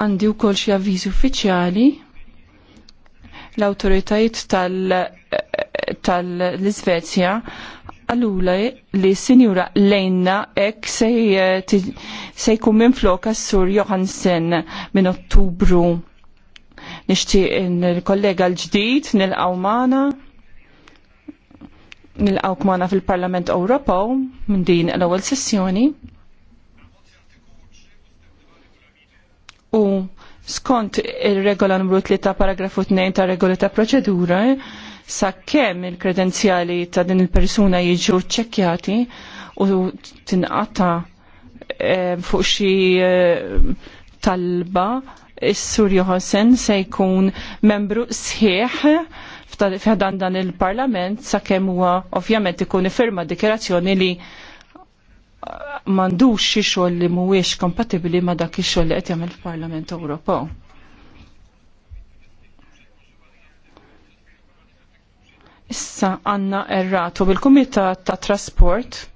għandi wkoll xi avviżi uffiċjali l-awtoritajiet tal-Iżvezja għallula li sinjura lejna ek se jkun floka s-sur Johansen minn ottubru nishti il-kollega l-ġdijt nil-għaw maħna nil-għaw fil-Parlament Ewropew minn din l-ewwel sessjoni. skont il-regola numru 3 paragrafu 2 ta' regola ta' proċedura, sa' kemm il-kredenzjali ta' din il-persuna jiġu ċekjati u tinqata eh, fuq xi eh, talba is-Sur Johansen se jkun membru sħiħ f'dan dan il-Parlament sakemm huwa ovvjament ikun ifirma dikjerazzjoni li mandux xi xogħol li mhuwiex kompatibbli ma' dak ix-xogħol li qed jagħmel fil-Parlament Ewropew. Issa għanna erratu bil-Kumitat ta' Trasport